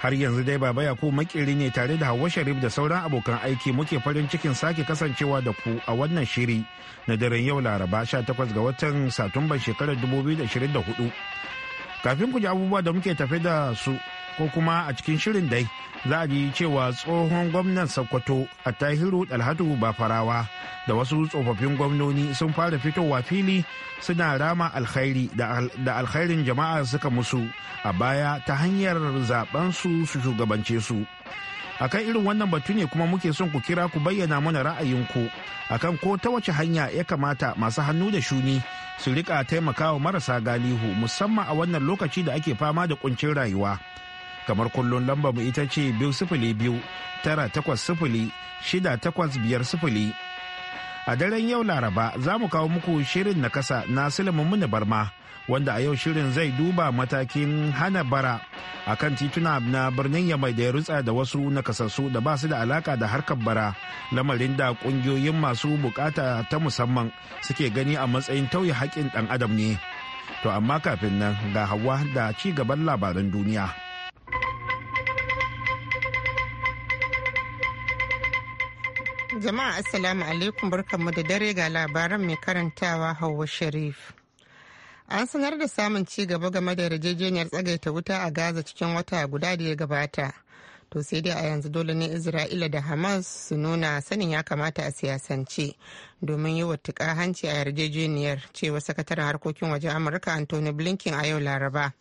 har yanzu dai baba yakubu makiri ne tare da hawa sharif da sauran abokan aiki muke farin cikin sake kasancewa da ku a wannan shiri na daren yau laraba 18 ga watan satumban shekarar 2024 kafin ku ji abubuwa da muke tafe da su ko kuma a cikin shirin dai za a ji cewa tsohon gwamnan sokoto a tahiru dalhatu farawa da wasu tsofaffin gwamnoni sun fara fitowa fili suna rama alkhairi da alkhairin jama'a suka musu a baya ta hanyar zaben su su shugabance su akan irin wannan batu ne kuma muke son ku kira ku bayyana mana ra'ayinku akan ko ta wace hanya ya kamata masu hannu da shuni su rika taimakawa marasa galihu musamman a wannan lokaci da ake fama da kuncin rayuwa kamar kullum lamba mu ita ce biyu sifili biyu tara takwas sifili shida takwas biyar sifili. A daren yau Laraba za mu kawo muku shirin na kasa na Barma wanda a yau shirin zai duba matakin hana bara a kan tituna na birnin Yamai da ya rutsa da wasu nakasassu da ba su da alaka da harkar bara lamarin da kungiyoyin masu bukata ta musamman suke gani a matsayin tauye haƙƙin ɗan adam ne. To amma kafin nan ga hawa da ci gaban labaran duniya. Jama'a Assalamu alaikum barkanmu da dare ga labaran mai karantawa Hauwa Sharif. An sanar da samun ci gaba game da yarjejeniyar tsagaita wuta a Gaza cikin wata guda da ya gabata. to sai dai a yanzu dole ne isra'ila da hamas su nuna sanin ya kamata a siyasance domin yi wa hanci a yarjejeniyar cewa sakataren harkokin waje amurka anthony blinken a yau laraba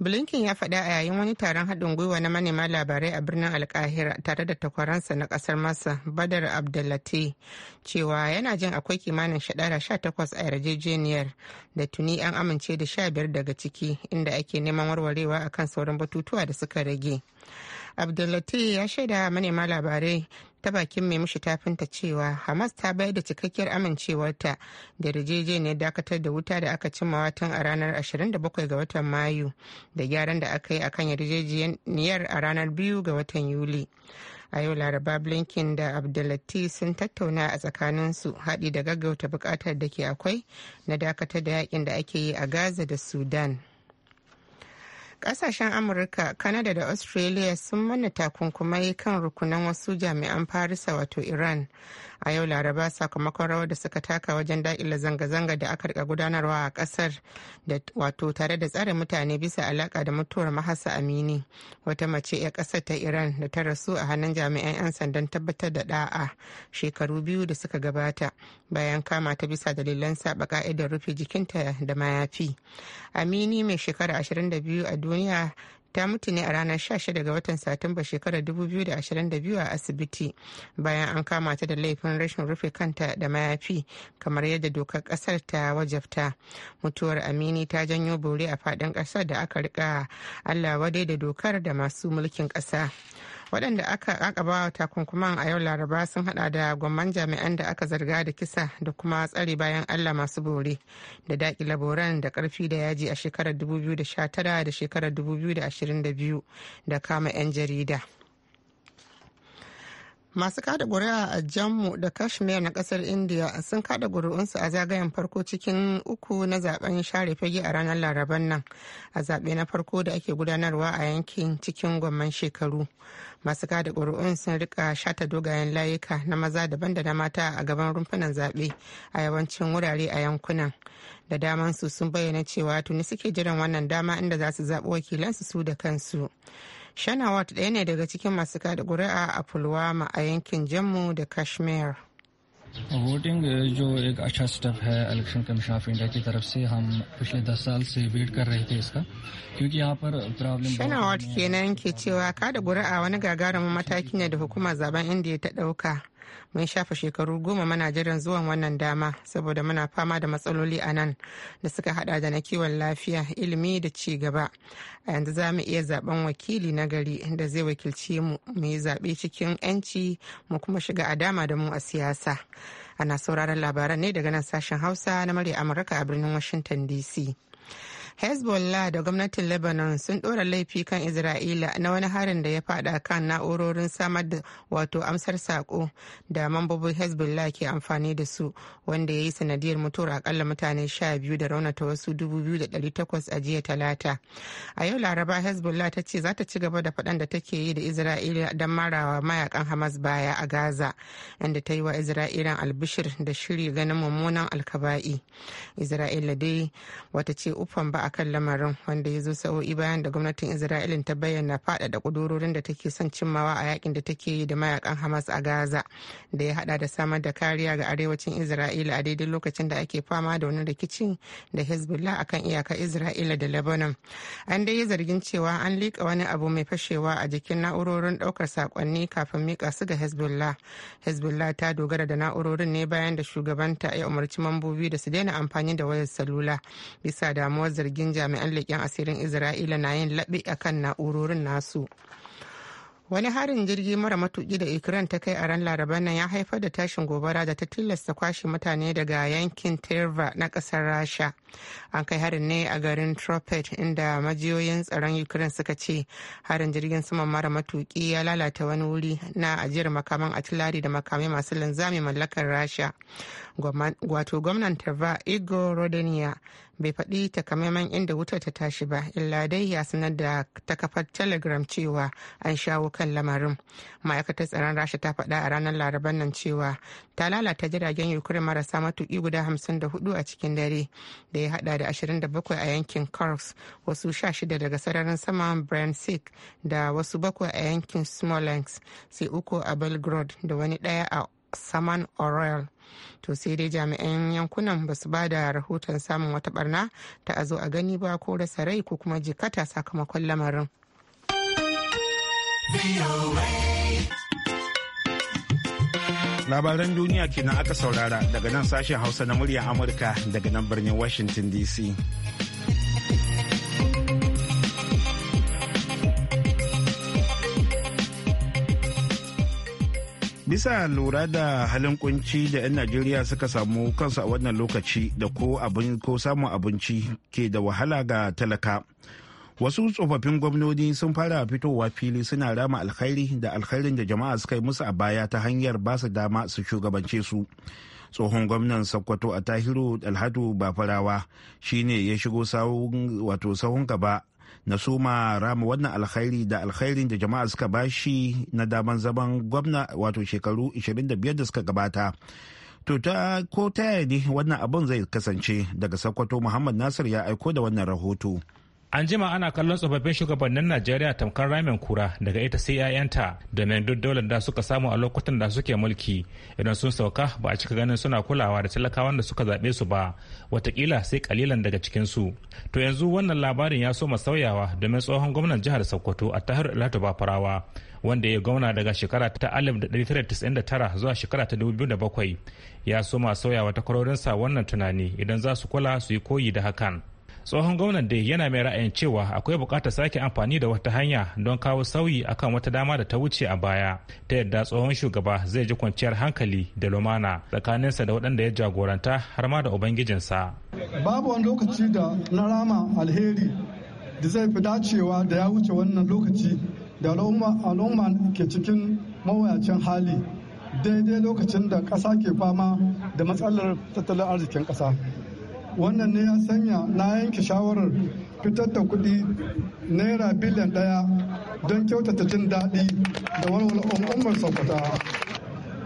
blinken ya faɗa a yayin wani taron haɗin gwiwa na manema labarai a birnin alkahira tare da takwaransa na ƙasar masa badar abdullati cewa yana jin akwai kimanin shaɗara sha 18 a yarjejeniyar da tuni an amince da sha biyar daga ciki inda ake neman warwarewa akan sauran batutuwa da suka rage abdullati ya shaida manema labarai ta bakin mai mishi tafinta cewa hamas ta bayar da cikakkiyar amincewarta da yarjejeniyar dakatar da wuta da aka cimma tun a ranar 27 ga watan mayu da gyaran da aka yi a akan yarjejeniyar a ranar 2 ga watan yuli a yau laraba blinken da abdullati sun tattauna a tsakaninsu haɗi da gaggauta bukatar da ke akwai na dakatar da yakin da ake yi a gaza da sudan kasashen Amurka, kanada da Australia sun mana takunkumai kan rukunan wasu jami'an Farisa wato Iran a yau laraba sakamakon rawar da suka taka wajen da'ila zanga-zanga da aka rika gudanarwa a kasar da wato tare da tsare mutane bisa alaka da mutuwar mahasa amini wata mace 'ya kasar ta iran da ta rasu a hannun jami'an 'yan sandan tabbatar da da'a shekaru biyu da suka gabata bayan kama ta bisa dalilan saba ka'idar rufe jikinta da mayafi amini mai shekara 22 a duniya ta mutu ne a ranar 16 ga watan satumba shekarar 2022 a asibiti bayan an kama ta da laifin rashin rufe kanta da mayafi kamar yadda dokar kasar ta wajabta mutuwar amini ta janyo bore a fadin ƙasar da aka rika allah wadai da dokar da masu mulkin kasa. waɗanda aka bawa takunkuman a yau laraba sun hada da gwamman jami'an da aka zarga da kisa da kuma tsare bayan allah masu bore da daƙi laboran da ƙarfi da yaji a shekarar 2019 da shekarar 2022 da kama 'yan jarida masu kada ƙuri'a a jammu da kashmir na ƙasar india sun kada ƙuri'unsu a zagayen farko cikin uku na zaben share fage a ranar laraban nan a zaɓe na farko da ake gudanarwa a yankin cikin gwamman shekaru masu kada ƙuri'un sun rika shata dogayen layuka na maza daban da na mata a gaban rumfunan zaɓe a yawancin wurare a yankunan da damansu sun bayyana cewa tuni suke jiran wannan dama inda za su zaɓi wakilansu su da kansu shanawat ɗaya ne daga cikin masu kada ƙuri'a a fulwama a yankin jammu da kashmir voting जो एक अच्छा step है election commission of India की तरफ से हम पिछले दस साल से वेट कर रहे थे इसका क्योंकि यहाँ पर problem shanawat kenan ke cewa kada ƙuri'a wani gagarumin mataki की da hukumar zaben इंडिया तक ɗauka mun shafa shekaru goma mana jiran zuwan wannan dama saboda muna fama da matsaloli a nan da suka hada da na kiwon lafiya ilimi da ci gaba a yanzu za mu iya zaben wakili na gari da zai wakilci mu mu yi zaɓe cikin 'yanci mu kuma shiga a dama da mu a siyasa ana sauraron labaran ne daga nan sashen hausa na murya amurka a birnin washington dc hezbollah da gwamnatin lebanon sun ɗora laifi kan isra'ila na wani harin da ya fada kan na'urorin samar da wato amsar sako da mambobin hezbollah ke amfani da su wanda ya yi sanadiyar mutuwar akalla mutane sha biyu da raunata wasu dubu biyu da ɗari takwas a jiya talata a yau laraba hezbollah ta ce za ta ci gaba da faɗan da take yi da isra'ila don marawa mayakan hamas baya a gaza inda ta yi wa isra'ilan albishir da shiri ganin mummunan alkaba'i isra'ila dai wata ce ufan ba akan lamarin wanda ya zo sa'o'i bayan da gwamnatin isra'ilin ta bayyana faɗaɗa ƙudurorin da take son cimmawa a yakin da take yi da mayakan hamas a gaza da ya hada da samar da kariya ga arewacin isra'ila a daidai lokacin da ake fama da wani rikicin da hezbollah akan iyakar isra'ila da lebanon an dai yi zargin cewa an liƙa wani abu mai fashewa a jikin na'urorin ɗaukar saƙonni kafin miƙa su ga hezbollah hezbollah ta dogara da na'urorin ne bayan da shugabanta ya umarci mambobi da su daina amfani da wayar salula bisa damuwar zargin zargin jami'an leƙen asirin isra'ila na yin laɓe kan na'urorin nasu wani harin jirgi mara matuki da ukraine ta kai a ran laraba nan ya haifar da tashin gobara da ta tilasta kwashe mutane daga yankin terva na ƙasar rasha an kai harin ne a garin tropet inda majiyoyin tsaron ukraine suka ce harin jirgin sama mara matuki ya lalata wani wuri na ajiyar makaman atilari da makamai masu linzami mallakar rasha wato gwamnan terva igor rodenia bai faɗi takamaiman inda wutar ta tashi ba illa dai ya sanar da ta kafar telegram cewa an shawo kan lamarin ma'aikatar tsaron rasha ta faɗa a ranar laraban nan cewa ta lalata jiragen ukraine marasa matuƙi guda hamsin da hudu a cikin dare da ya hada da ashirin da bakwai a yankin kursk wasu sha shida daga sararin sama brensik da wasu bakwai a yankin smolensk sai uku a belgrade da wani ɗaya a saman orel to sai dai jami'an yankunan ba su ba da rahoton samun wata barna ta a zo a gani ba ko rasa rai ko kuma jikata sakamakon lamarin labaran duniya kenan aka saurara daga nan sashen hausa na murya amurka daga nan birnin washington dc bisa lura da halin kunci da 'yan najeriya suka samu kansu a wannan lokaci da ko abin ko samun abinci ke da wahala ga talaka wasu tsofaffin gwamnoni sun fara fitowa fili suna rama alkhairi da alkhairin da jama'a suka yi musu a baya ta hanyar ba su dama su shugabance su tsohon gwamnan sokoto a tahiru alhadu ba bafarawa shine ya shigo wato sahun gaba na soma rama wannan alkhairi da alkhairin da jama'a suka bashi na daman zaman gwamna wato shekaru 25 da suka gabata to ta ko ta ne wannan abin zai kasance daga sakwato muhammad nasir ya aiko da wannan rahoto an jima ana kallon tsofaffin shugabannin najeriya tamkar ramin kura daga ita sai 'ya'yanta domin duk da suka samu a lokutan da suke mulki idan sun sauka ba a cika ganin suna kulawa da talakawan da suka zaɓe su ba watakila sai kalilan daga cikinsu to yanzu wannan labarin ya soma sauyawa domin tsohon gwamnan jihar sokoto a tahir ilatu farawa wanda ya gwamna daga shekara ta 1999 zuwa shekara ta 2007 ya soma sauyawa takwarorinsa wannan tunani idan za su kula su yi koyi da hakan tsohon gwamnan dai yana mai ra'ayin cewa akwai buƙatar sake amfani da wata hanya don kawo sauyi akan wata dama da ta wuce a baya ta yadda tsohon shugaba zai ji kwanciyar hankali da lumana tsakaninsa da waɗanda ya jagoranta har ma da ubangijinsa babu wani lokaci da na rama alheri da zai fi dacewa da ya wuce wannan lokaci da al'umma ke cikin mawuyacin hali daidai lokacin da ƙasa ke fama da matsalar tattalin arzikin ƙasa wannan ne ya sanya na yanke shawarar fitar da kuɗi naira biliyan ɗaya don kyautata jin daɗi da walwala umar sokoto.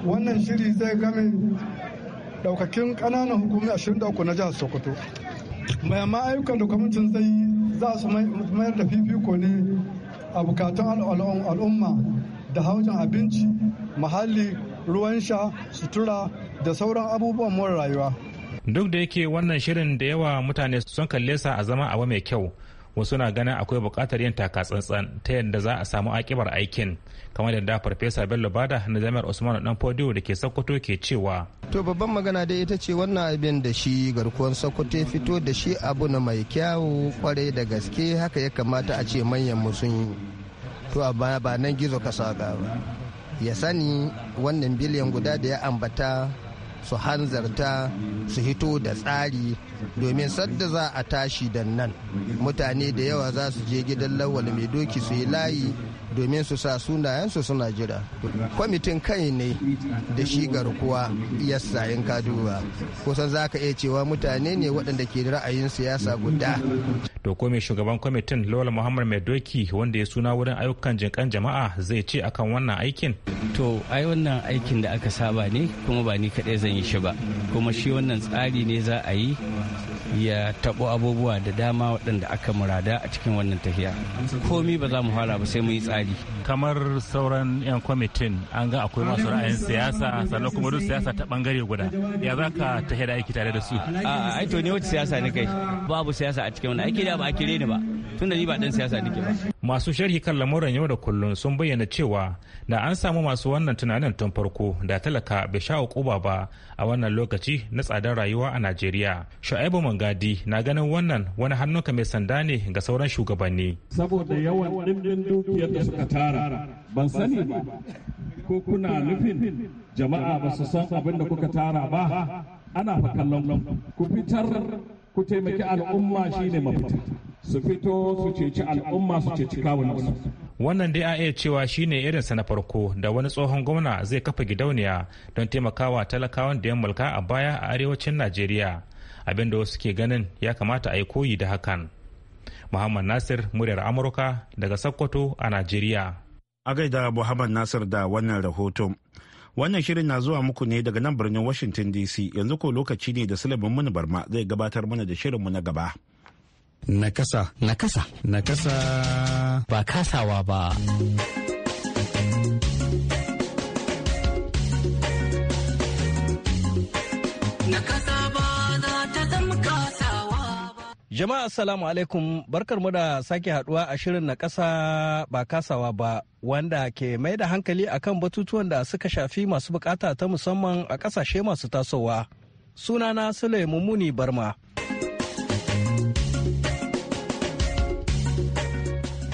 wannan shiri zai game daukakin ƙananan hukumi 23 na jihar sokoto mai amma ayyukan da kwamitin zai za su mayar da fifiko ne a bukatun al'umma da haujin abinci muhalli ruwan sha sutura da sauran abubuwan more rayuwa duk da yake wannan shirin da yawa mutane sun kalle sa a zama abu mai kyau wasu na ganin akwai buƙatar yin taka tsantsan ta yadda za a samu akibar aikin kamar yadda farfesa bello bada na jami'ar usman dan fodiyo da ke sokoto ke cewa to babban magana dai ita ce wannan abin da shi garkuwan sokoto fito da shi abu na mai kyawu kwarai da gaske haka ya kamata a ce manyan mu sun yi to a ba nan gizo ka saka ba ya sani wannan biliyan guda da ya ambata su hanzarta su hito da tsari domin sadda za a tashi da nan mutane da yawa za su je gidan lawal mai doki su yi layi domin su sa sunayensu suna jira kwamitin kai ne da shigar garkuwa yassa in kaduwa kusan za ka iya cewa mutane ne waɗanda ke ra'ayin siyasa guda to ko mai shugaban kwamitin lola muhammad mai doki wanda ya suna wurin ayyukan jinkan jama'a zai ce akan wannan aikin to ai wannan aikin da aka saba ne kuma ba ni kadai zan yi shi ba kuma shi wannan tsari ne za a yi ya taɓo abubuwa da dama waɗanda aka murada a cikin wannan tafiya komi ba za mu fara ba sai mu yi tsari kamar sauran 'yan kwamitin an ga akwai masu ra'ayin siyasa sannan kuma duk siyasa ta bangare guda ya za ka tafiya da aiki tare da su a ai to ne wacce siyasa ne kai babu siyasa a cikin wannan aiki da ba a kire ni ba tun da ni ba dan siyasa nake ba masu sharhi kan lamuran yau da kullun sun bayyana cewa da an samu masu wannan tunanin tun farko da talaka bai sha ukuba ba a wannan lokaci na tsadar rayuwa a Najeriya Shu'aibu Mangadi na ganin wannan wani hannunka mai sanda ne ga sauran shugabanni saboda yawan dimbin dukiyar da suka tara ban sani ba ko kuna nufin jama'a ba su san abin da kuka tara ba ana fa kallon ku fitar ku taimaki al'umma shine mafita su fito su ceci al'umma su ceci kawunansu. Wannan dai a iya cewa shine sa na farko da wani tsohon gwamna zai kafa gidauniya don taimakawa talakawan da ya mulka a baya a arewacin Najeriya. Abin da wasu ke ganin ya kamata a yi koyi da hakan. Muhammad Nasir muryar Amurka daga Sokoto a Najeriya. A gaida Muhammad Nasir da wannan rahoto. Wannan shirin na zuwa muku ne daga nan birnin Washington DC yanzu ko lokaci ne da Sulaiman Muni Barma zai gabatar mana da shirinmu na gaba. Nakasa. Nakasa. Nakasa. Ba kasawa ba. Jama'a assalamu alaikum barkarmu da sake haduwa a shirin na kasa ba kasawa ba wanda ke mai da hankali akan batutuwan da suka shafi masu bukata ta musamman a ƙasashe masu tasowa. Sunana Sule Mummuni Barma.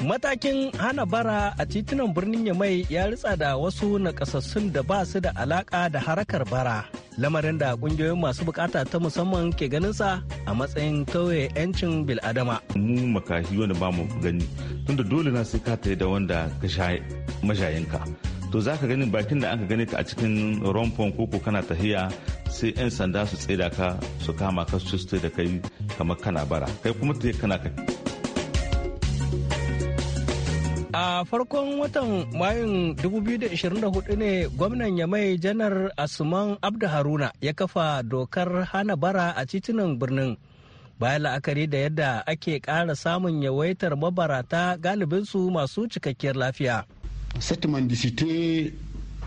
Matakin hana bara a titunan birnin Yamai ya ritsa da wasu nakasassun da ba su da alaka da harakar bara. Lamarin da kungiyoyin masu bukata ta musamman ke ganinsa a matsayin tauye 'yancin bil'adama. Mu makashi wanda ba mu gani, tunda dole na sai ka da wanda ka sha mashayinka. To za ka gani bakin da aka gani ka a cikin rompon koko kana tahiya sai 'yan sanda su tsaida ka su kama ka su da kai kamar kana bara. Kai kuma ta kana kai. A farkon watan Mayun 2024 ne gwamnan Yamai Janar Asuman Abda Haruna ya kafa dokar hana bara a titunan birnin. Bayan la'akari da yadda ake ƙara samun yawaitar mabarata galibinsu masu cikakkiyar lafiya. de cité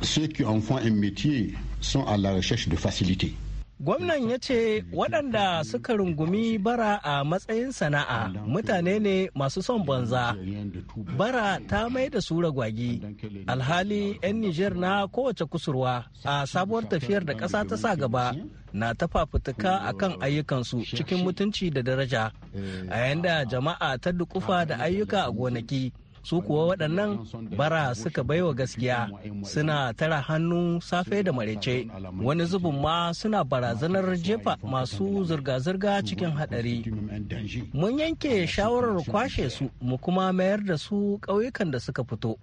ceux qui en fait un métier sont à la recherche de facilité. Gwamnan ya ce waɗanda suka rungumi bara a matsayin sana'a mutane ne masu son banza. Bara ta mai da su ragwagi. Alhali 'yan Nijar na kowace kusurwa a sabuwar tafiyar da ƙasa ta sa gaba na ta fafutuka a kan ayyukansu cikin mutunci da daraja. A yanda jama'a ta dukufa da ayyuka a gonaki. su kuwa waɗannan bara suka baiwa gaskiya suna tara hannu safe da marece wani zubin ma suna barazanar jefa masu zirga-zirga cikin haɗari mun yanke shawarar kwashe su mu kuma mayar da su ƙauyukan da suka fito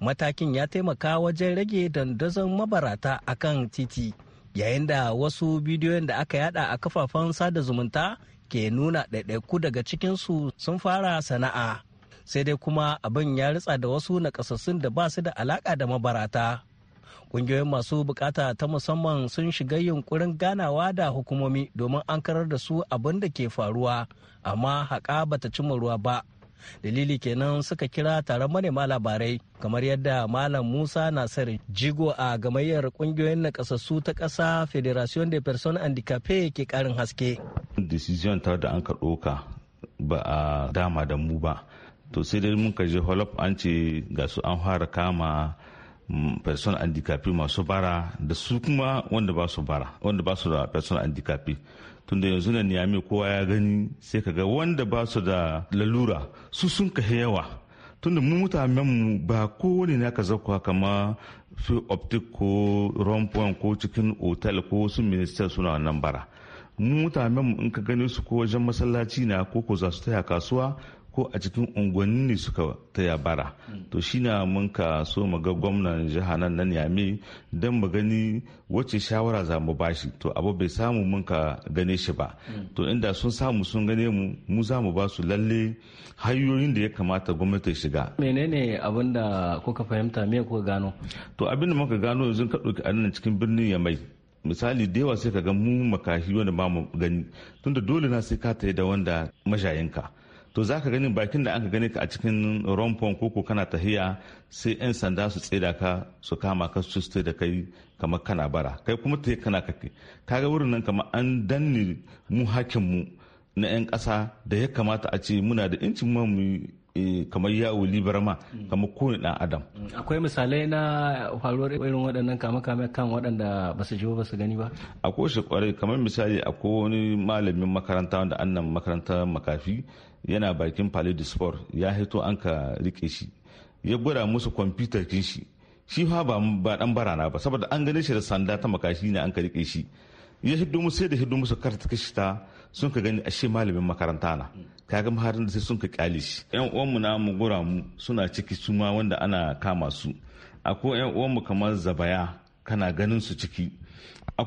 matakin ya taimaka wajen rage dandazon mabarata akan titi yayin da wasu bidiyoyin da aka yada a kafafen sada zumunta ke nuna ɗaiɗaiku daga cikinsu sun fara sana'a sai dai kuma abin ya ritsa da wasu nakasassun da ba su da alaƙa da mabarata ƙungiyoyin masu bukata ta musamman sun shiga yunkurin ganawa da hukumomi domin an karar da su abin da ke faruwa amma haƙa bata cimma ruwa ba dalili kenan suka kira taron manema labarai kamar yadda malam musa nasir jigo a gamayyar kungiyoyin nakasassu ta ƙasa federation de personnes handicapées ke karin haske decision ta da an ka doka ba a dama da mu ba to sai dai mun ka je holop an ce ga su an fara kama mm, person handicapé masu bara da su kuma wanda ba su bara wanda ba su da person handicapé tunda yanzu nan niyami kowa ya gani sai ka ga wanda ba su da lalura su sun ka yawa tunda mu mutanen mu ba kowane na ka zakwa kama fi optic ko rompon ko cikin otal ko wasu minister suna nan bara mu mutanen mu in ka gani su ko wajen masallaci na ko ko za su taya kasuwa ko a cikin unguwanni ne suka taya bara to shi na mun ka so mu ga gwamnan jiha nan na yame don mu gani wacce shawara za mu bashi to abu bai samu mun ka gane shi ba to inda sun samu sun gane mu mu za mu ba su lalle hanyoyin da ya kamata gwamnati shiga menene abin da kuka fahimta me kuka gano to abin da muka gano yanzu ka dauki anan cikin birnin mai misali da yawa sai ka ga mu makahi wanda ba mu gani tunda dole na sai ka tayi da wanda mashayinka to za ka gani bakin da aka gani ka a cikin rompon koko kana tahiya sai 'yan sanda su tseda ka su kama ka su da kai kamar kana bara kai kuma ta kana kake ka ga wurin nan kamar an danne mu hakinmu na 'yan ƙasa da ya kamata a ce muna da incin mu Eh, kamar yawo barama kamar kowane dan adam mm, akwai misalai na faruwar irin waɗannan kama kame kan waɗanda ba su ba su gani ba akwai shi kwarai kamar misali akwai wani malamin makaranta wanda annan makarantar makafi yana bakin palais de sport ya hito an ka rike shi ya gwada musu kwamfutar kin shi shi fa ba dan barana ba saboda an gane shi da sanda ta makashi ne an ka rike shi ya hiddo musu sai da hiddo musu karta kashi ta sun ka gani ashe malamin makaranta na mm. kaga maharin da sai sun ka kyale shi yan uwanmu na mu gura mu suna ciki suma wanda ana kama su ko yan uwanmu kamar zabaya kana ganin su ciki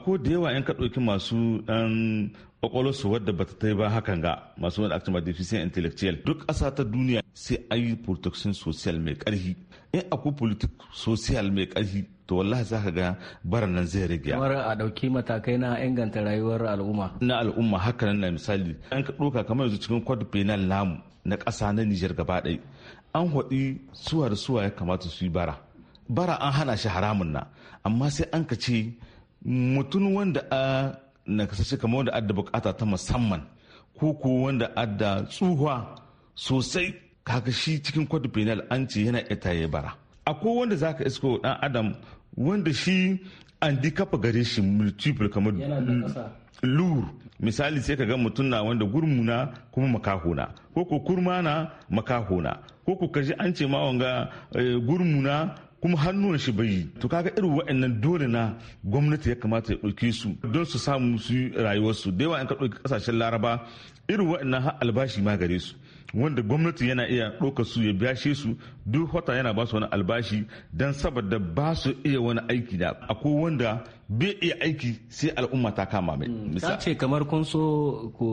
ko da yawa yan ka ɗauki masu ɗan kwakwalwar su wadda bata ta yi ba hakan ga masu wani active deficient intellectual duk ƙasa ta duniya sai ayi yi protection social mai ƙarfi in akwai politik social mai ƙarfi to wallahi za ka ga baran nan zai rage kamar a dauki matakai na inganta rayuwar al'umma na al'umma haka nan na misali an ka doka kamar yanzu cikin code penal namu na ƙasa na Nijar gaba ɗaya an haɗi suwa da suwa ya kamata su yi bara bara an hana shi haramun na amma sai an ka ce mutum wanda a na kasashe kamar wanda adda bukata ta musamman ko ko wanda adda tsuhuwa sosai kaga shi cikin kwadu penal an ce yana ita ya bara akwai wanda zaka isko dan adam wanda shi an kafa gare shi multiple kamar lur misali sai ka ga mutum na wanda gurmuna kuma makahona ko ko kurma na makahona ko ko kaji an ce ma wanga eh, gurmuna kuma hannuwan shi bai to kaga irin waɗannan dole na gwamnati ya kamata ya ɗauke su don su samu su rayuwarsu da yawa in ka ɗauki kasashen laraba irin waannan albashi ma gare su wanda gwamnati yana iya ɗauka su ya biyashe su duk wata yana ba su wani albashi don saboda ba su iya wani aiki da akwai wanda bai iya aiki sai al'umma ta kama mai. Ta hmm, ce kamar kun so ku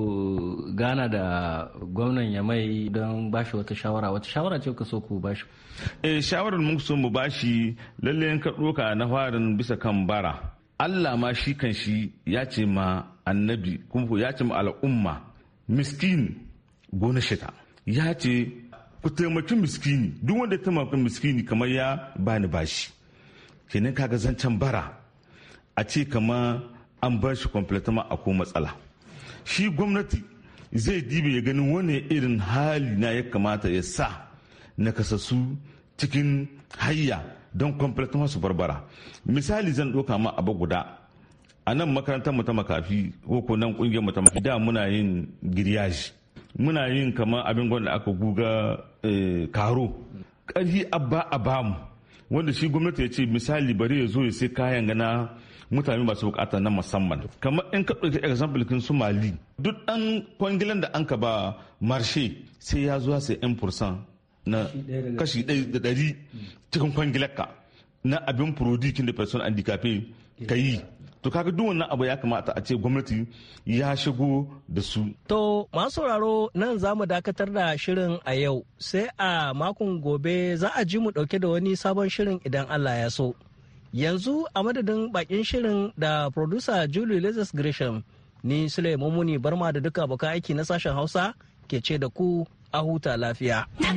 gana da gwamnan ya mai don bashi wata shawara wata shawara ce ka so ku shi. Eh shawarar mun so mu bashi lalle ka ɗauka na farin bisa kan bara. Allah ma shi kan shi ya ce ma annabi kuma ya ce ma al'umma miskin gona shita. ya ce ku taimaki miskini duk wanda ya taimaki miskini kamar ya bani bashi kenan kaga zancen bara a ce kamar an bar shi kwamfletama a ko matsala shi gwamnati zai dibe ya ganin wani irin hali na ya kamata ya sa na cikin hayya don kwamfletama su barbara misali zan ɗauka ma abu guda a nan makarantar mu ta makafi ko nan kungiyar mu ta makafi da muna yin giriyaji muna yin kamar abin gwanda aka guga eh, karo ƙarfi abba a bamu wanda shi gwamnati ya ce misali bari ya zo ya sai kayan gana mutane masu bukata na musamman kamar in ka ɗauki example kin su mali duk ɗan kwangilan da an ka ba marshe sai ya zuwa sai 1% na kashi ɗari hmm. cikin kwangilarka na abin kin da person handicapé ka yi to kaga duk wannan abu ya kamata a ce gwamnati ya shigo da su to masu sauraro nan za mu dakatar da shirin a yau sai a makon gobe za a ji mu dauke da wani sabon shirin idan Allah ya so yanzu a madadin bakin shirin da producer Julie Lazarus Gresham ni Suleiman Muni Barma da duka baka aiki na sashen Hausa ke ce da ku a huta lafiya. Na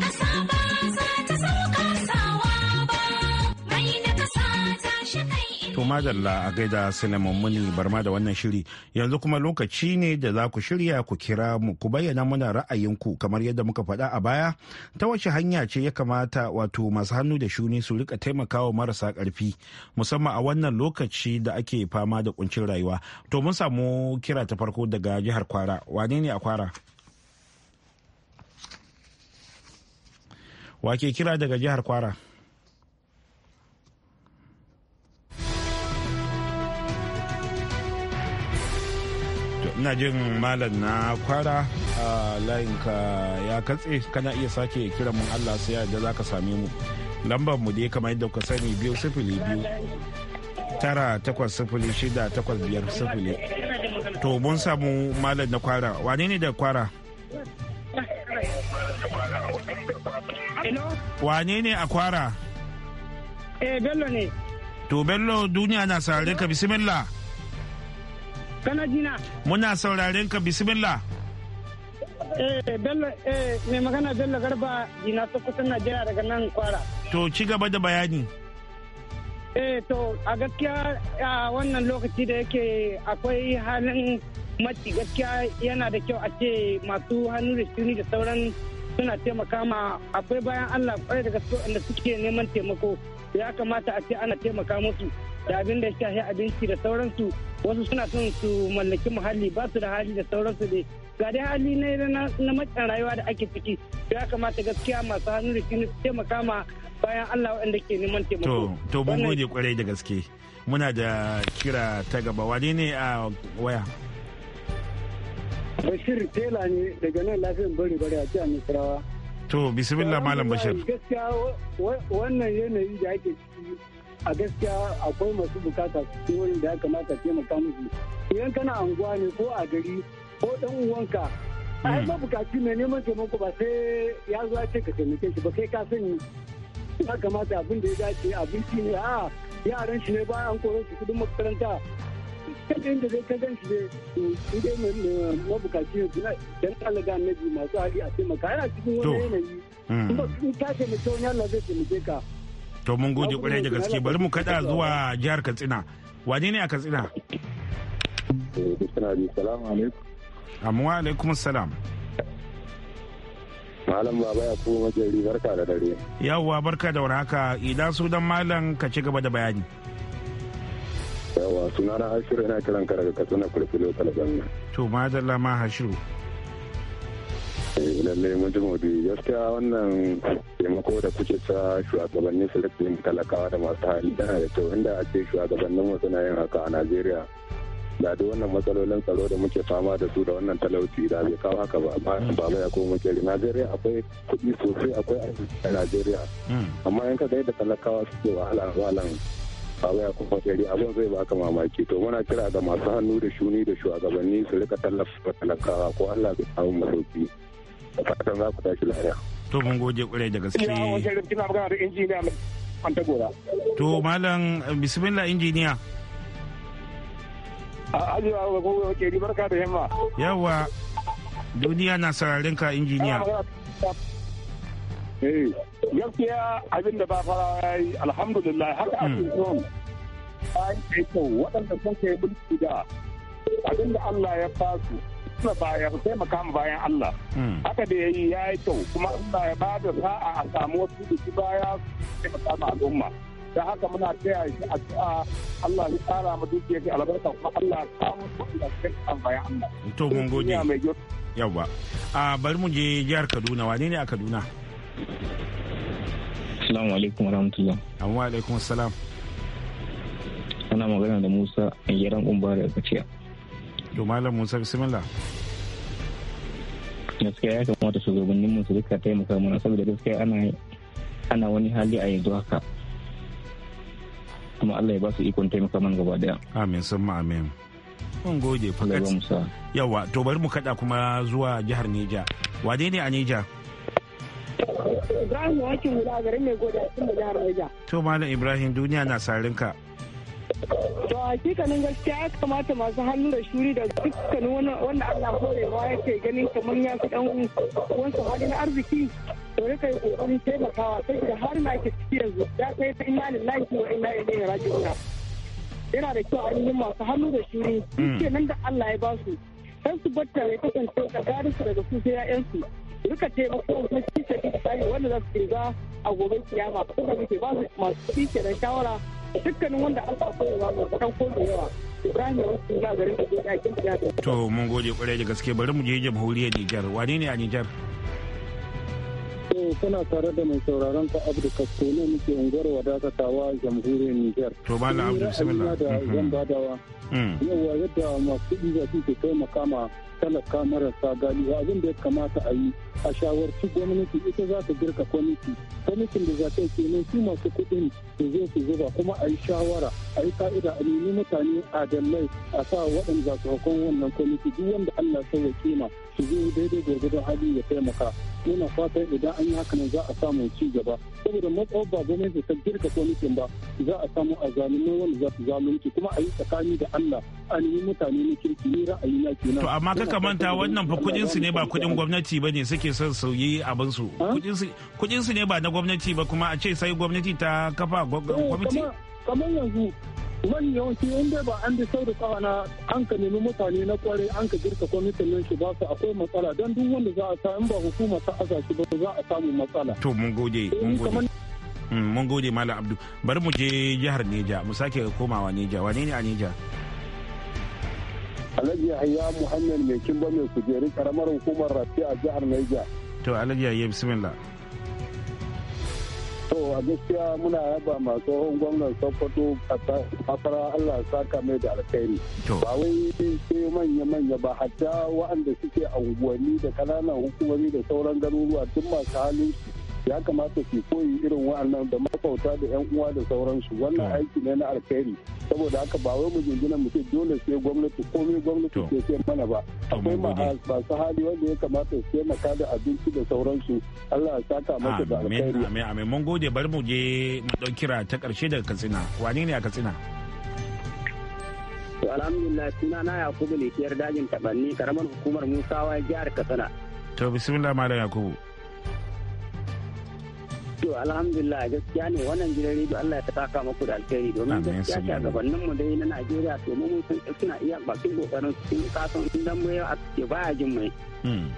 To madalla a gaida sinamon Muni barma da wannan shiri yanzu kuma lokaci ne da za ku shirya ku kira mu ku bayyana muna ra'ayinku kamar yadda muka faɗa a baya ta wace hanya ce ya kamata wato masu hannu da shuni su rika taimakawa marasa ƙarfi musamman a wannan lokaci da ake fama da kuncin rayuwa. To mun samu kira ta farko daga jihar Kwara wane ne a Kwara? Wake kira daga jihar Kwara? ina jin malam na kwara layin ka ya katse kana iya sake kiran mun allah sai yarda za ka same mu lambar mu dai kamar yadda ku sani biyu sifili biyu tara takwas sifili shida takwas biyar sifili to mun samu malam na kwara wane ne da kwara wane ne a kwara eh bello ne to bello duniya na sare ka bismillah kana jina muna sauraren ka bismillah eh, eh, mai magana Bello Garba jina kusa Najeriya daga nan kwara. To ci gaba da bayani. Eh to a gaskiya a wannan lokaci da yake akwai halin mati gaskiya yana da kyau a ce masu hannu da shuni da sauran suna taimaka ma akwai bayan Allah kwarai da gaske inda suke neman taimako ya kamata a ce ana taimaka musu da abin da shahi abinci da sauransu wasu suna son su mallaki muhalli ba su da hali da sauransu dai ga dai hali na na matsan rayuwa da ake ciki ya kamata gaskiya masu hannu da shi taimaka ma bayan Allah waɗanda ke neman taimako. To, to mun gode kwarai da gaske. Muna da kira ta gaba wani ne a waya? Bashir Tela ne daga nan lafiyan bari bari a jihar Nasarawa. To, bismillah Malam Bashir. Gaskiya wannan yanayi da ake ciki a gaskiya akwai masu bukata su wurin da ya kamata taimaka musu idan kana anguwa ne ko a gari ko dan uwanka a yi hmm. mabukaci mai neman taimako ba sai ya zuwa ce ka taimake shi ba kai ka sani ya kamata abin da ya dace abinci ne a yaran shi ne ba an koro su kudin makaranta kada inda zai kagan shi ne in dai mabukaci ne suna dan alaga annabi masu hali a taimaka yana cikin wani yanayi in hmm. ba in ka taimake wani Allah zai taimake ka to mun gode kwarai da gaske bari mu kada zuwa jihar katsina wane ne a katsina eh, Assalamu alaikum salam malam baba ya kuma majari barka da dare yawwa barka da warhaka idan su dan malam ka ci gaba da bayani yawa sunana hashiru yana kiran ka daga katsina Kurfilo lokal to madalla ma hashiru lallai mun ji maudu gaskiya wannan taimako da kuke sa shugabanni su rike yin talakawa da masu hali yana da kyau inda a ce shugabannin mu suna yin haka a najeriya da duk wannan matsalolin tsaro da muke fama da su da wannan talauci da bai kawo haka ba amma ba bai ko muke najeriya akwai kuɗi sosai akwai a najeriya hmm. amma in ka ga yadda talakawa suke wahala wahalan mai ya kuma gari abin zai baka mamaki to muna kira ga masu hannu da shuni da shugabanni su rika tallafa talakawa ko Allah zai samu masauki. fatan za ku tashi lafiya to mun gode kwarai da gaske kina magana da injiniya Kwantagora. To Malam Bismillah Injiniya. A Ajiya ga gogo ke ribar ka da yamma. Yawwa duniya na sararin ka injiniya. Eh, gaskiya abin da ba fara ya yi alhamdulillah haka Ba a yi kai Bayan waɗanda sun kai mulki da abin da Allah ya fasu suna bayar taimaka mu bayan Allah hmm. haka da ya yi ya yi kyau kuma Allah ya ba da sa'a a samu wasu da shi baya taimaka ma al'umma da haka muna taya shi addu'a Allah ya tsara mu duk yake albarka kuma Allah ya samu da kan bayan Allah to mun gode yawa a bari mu je jihar Kaduna wane ne a Kaduna Assalamu alaikum rahmatullah. Amma alaikum assalam Ana magana da Musa a gidan Umbari a Kaciya. to malam musa bismillah gaskiya ya kamata shugabannin mu su taimaka mana saboda gaskiya ana ana wani hali a yanzu haka kuma Allah ya ba su ikon taimaka mana gaba daya amin summa amin mun gode fakat yawa to bari mu kada kuma zuwa jihar Neja wane ne a Neja Ibrahim Hakim Mula garin mai goda cikin jihar Neja to malam Ibrahim duniya na sarinka ka To hakikanin gaskiya ya kamata masu hannu da shuri da dukkanin wanda Allah ya ke ganin kamar ya fi ɗan wansa na arziki to rika yi ƙoƙarin taimakawa da har na ke ciki yanzu ya kai ta ina lillahi wa ina ilaihi raji'un. Yana da kyau a yi masu hannu da shuri duke hmm. nan da Allah ya ba su kan su batta ya kasance tsakanin su daga su sai ya'yansu duka taimako na da tsari wanda za su za a gobe kiyama kuma ba su masu kisa da shawara dukkanin wanda an ba koyewa mai kuɗan ko da yawa Ibrahim Yawanci na garin da ke yakin da To mun gode kwarai da gaske bari mu je jamhuriyar Nijar wani ne a Nijar? To eh, kuna tare da mai sauraron ka Abdu Kastone muke unguwar wadatatawa jamhuriyar Nijar. To ba na Abdu Bismillah. Mm-hmm. wa mm. yadda masu ɗiga suke taimaka ma talaka marasa galihu abin da ya kamata a yi a shawarci gwamnati ita za ta girka kwamiti kwamitin da za ta yi kenan su masu kuɗin su zo su zuba kuma a yi shawara a yi ka'ida a nemi mutane adalai a sa waɗanda za su hukun wannan kwamiti duk wanda Allah sai ya kima su zo daidai gwargwadon hali ya taimaka muna fatan idan an yi haka nan za a samu ci gaba saboda matsawar ba gwamnati ta girka kwamitin ba za a samu a zalumai wanda za su zalunci kuma a yi tsakani da Allah a nemi mutane na kirki ni ra'ayi na kenan. ka manta wannan fa kudin su ne ba kudin gwamnati ba ne suke son sauyi yi abin hmm? su kudin su ne ba na gwamnati ba kuma a ce sai gwamnati ta kafa gwamnati eh, kamar yanzu man yawanci in dai ba an bi sau da kawa na an ka nemi mutane na kware an ka girka kwamitin nan shi ba su akwai matsala don duk wanda za a sa in ba hukuma ta aza shi ba za a samu matsala to mun gode eh, mun gode hmm, mun gode malam abdu bari mu je jihar neja mu sake komawa neja wane ne a neja Alhaji Yahya Muhammad mai kimba mai kujeru karamar hukumar Rafi a jihar Niger. To Alhaji Yahya bismillah. To a gaskiya muna yaba ma tsohon gwamnan Sokoto a fara Allah saka mai da alkhairi. Ba wai sai manya-manya ba hatta waɗanda suke a unguwanni da kananan hukumomi da sauran garuruwa duk masu halin su ya kamata su koyi irin wa'annan da makauta da yan uwa da sauransu wannan aiki ne na alkhairi saboda haka ba wai mu jinjina mu dole sai gwamnati ko mai gwamnati ke sai mana ba akwai masu hali wanda ya kamata su taimaka da abinci da sauransu Allah ya saka masa da alkhairi amin amin mun gode bari mu je mu kira ta karshe daga Katsina wani ne a Katsina to alhamdulillah suna na Yakubu ne yar dajin tabanni karamar hukumar Musawa jihar Katsina to bismillah malam Yakubu To alhamdulillah gaskiya ne wannan gidan rediyo Allah ya saka muku da alheri domin gaskiya ta gabanin mu dai na Najeriya to mun san suna iya bakin kokarin su sun kasan sun dan mu a ke baya jin mai. Hmm.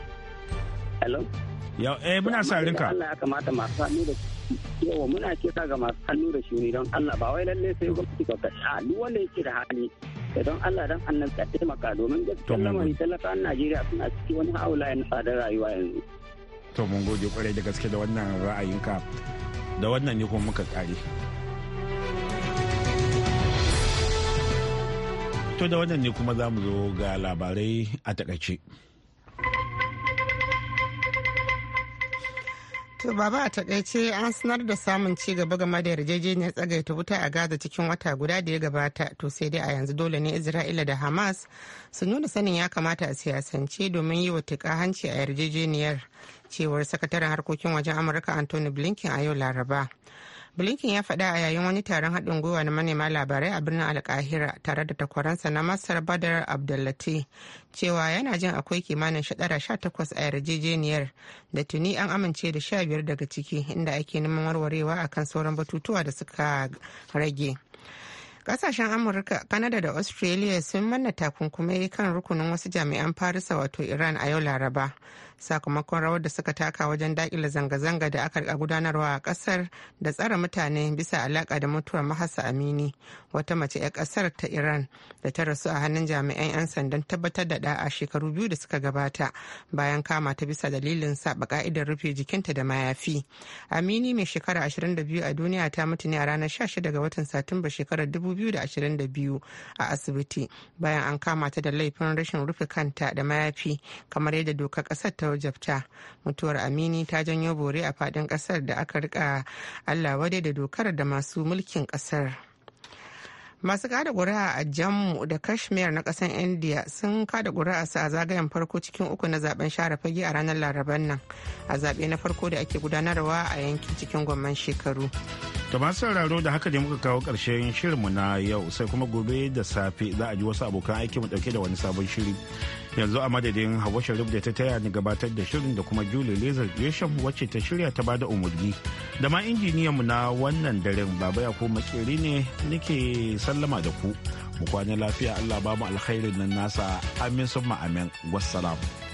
Hello. Ya eh muna sa rinka. Allah ya kamata masu hannu da yawa muna kisa ga masu hannu da shi don Allah ba wai lalle sai gwamnati ba ka a duk wanda yake da hali don Allah dan annan ka taimaka domin gaskiya lamarin talaka Najeriya suna cikin wani haula na tsadar rayuwa yanzu. to mun goge kwarai da gaske da wannan ra'ayinka da wannan ne kuma muka kare to da wannan ne kuma za mu zo ga labarai a takaice To baba a takaice an sanar da samun ci gaba game da yarjejeniyar tsagaita wuta a Gaza cikin wata guda da ya gabata to sai dai a yanzu dole ne Isra'ila da Hamas su nuna sanin ya kamata a siyasance domin yi wa tuka hanci a yarjejeniyar cewar sakataren harkokin wajen amurka anthony blinken a yau laraba blinken ya faɗa a yayin wani taron haɗin gwiwa na manema labarai a birnin alkahira tare da takwaransa na masar badar abdullati cewa yana jin akwai kimanin shadara takwas a yarjejeniyar da tuni an amince da sha biyar daga ciki inda ake neman warwarewa akan sauran batutuwa da suka rage kasashen amurka kanada da australia sun manna takunkumai kan rukunin wasu jami'an farisa wato iran a yau laraba sakamakon rawar da suka taka wajen dakila zanga-zanga da aka gudanarwa a kasar da tsara mutane bisa alaka da mutuwar mahasa amini wata mace 'yar kasar ta iran da ta rasu a hannun jami'an 'yan sandan tabbatar da da'a shekaru biyu da suka gabata bayan kama ta bisa dalilin saba ka'idar rufe jikinta da mayafi amini mai shekara 22 a duniya ta mutu ne a ranar 16 ga watan satumba shekarar 2022 a asibiti bayan an kama ta da laifin rashin rufe kanta da mayafi kamar yadda dokar kasar ta ta Jabta. mutuwar amini ta janyo bore a fadin kasar da aka rika allah wadai da dokar da masu mulkin kasar masu kada ƙuri'a a jammu da kashmir na ƙasar india sun kada ƙuri'a su a zagayen farko cikin uku na zaben share fage a ranar laraban nan a zaɓe na farko da ake gudanarwa a yankin cikin gwamman shekaru ta masu sauraro da haka ne muka kawo ƙarshen shirinmu na yau sai kuma gobe da safe za a ji wasu abokan aiki mu ɗauke da wani sabon shiri yanzu a madadin hawa sharif da ta taya ni gabatar da shirin da kuma julie laser gresham wacce ta shirya ta bada umarni da ma injiniyanmu na wannan daren baba ya ko kere ne nake sallama da ku mu kwana lafiya allah ba mu alkhairin nan nasa amin summa amin wassalamu